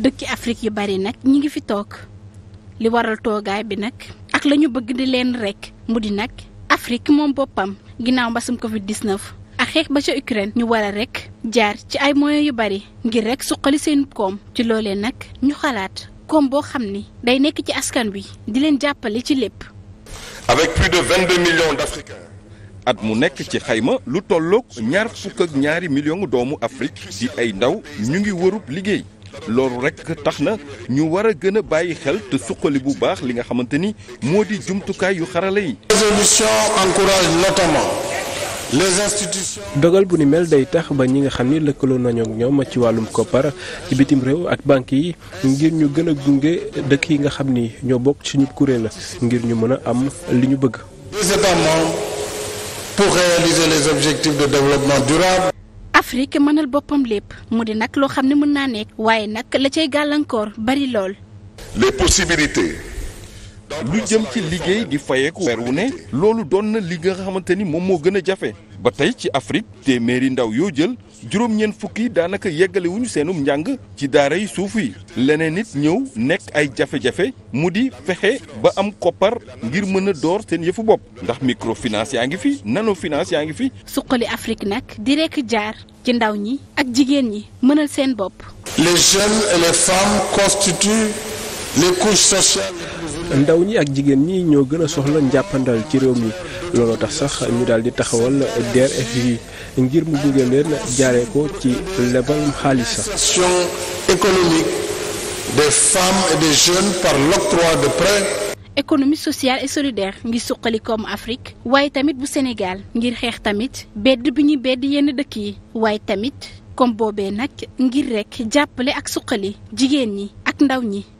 dëkki Afrique yu bari nag ñu ngi fi toog li waral toogaay bi nag ak lañu bëgg di leen rek mu di nag Afrique moom boppam ginnaaw mbasum Covid 19 ak xeex ba ca Ukraine ñu war a rek jaar ci ay moyens yu bari ngir rek suqali seen koom ci loolee nag ñu xalaat koom boo xam ni day nekk ci askan wi di leen jàppale ci lépp. avec plus de 22 millions d'Africains. at mu nekk ci xayma lu tolloog ñaar fukk ak ñaari million doomu Afrique ci ay ndaw ñu ngi wërub liggéey. loolu rek tax na ñu war a gën a bàyyi xel te suqali bu baax li nga xamante ni moo di jumtukaay yu xarala yi. résolution encourage notamment les institutions. dogal bu ni mel day tax ba ñi nga xam ni lëkkaloo nañu ak ñoom ci wàllum koppar ci bitim réew ak banque yi ngir ñu gën a gunge dëkk yi nga xam ni ñoo bokk suñu kuréel ngir ñu mën a am li ñu bëgg. des développement durable Afrique mënal boppam lépp mu di nag loo xam ne mën naa nekk waaye nag la cay gàllankoor bari lool. les possibilités. lu jëm ci liggéey di fayeeku weer wu ne. loolu doon na li nga xamante ni moom moo gën a jafe. ba tey ci Afrique téeméeri ndaw yoo jël juróom-ñeent fukki daanaka yeggale wuñu njàng ci daara yi suuf yi leneen nit ñëw nekk ay jafe-jafe mu di fexe ba am koppar ngir mën a door seen yëfu bopp ndax microfinance yaa ngi fi finance yaa ngi fi. suqali Afrique nag di rekk jaar ci ndaw ñi ak jigéen ñi mënal seen bopp. les jeunes et les femmes les couches ndaw ñi ak jigéen ñi ñoo gën a soxla njàppandal ci réew mi looloo tax sax ñu daal di taxawal DRFI ngir mu jóge leen jaaree ko ci lebal xaalis sax. économique des femmes et économie sociale et solidaire ngir suqali koom Afrique waaye tamit bu Sénégal ngir xeex tamit bedd bi ñuy bedd yenn dëkk yi waaye tamit comme boobee nag ngir rekk jàppale ak suqali jigéen ñi ak ndaw ñi.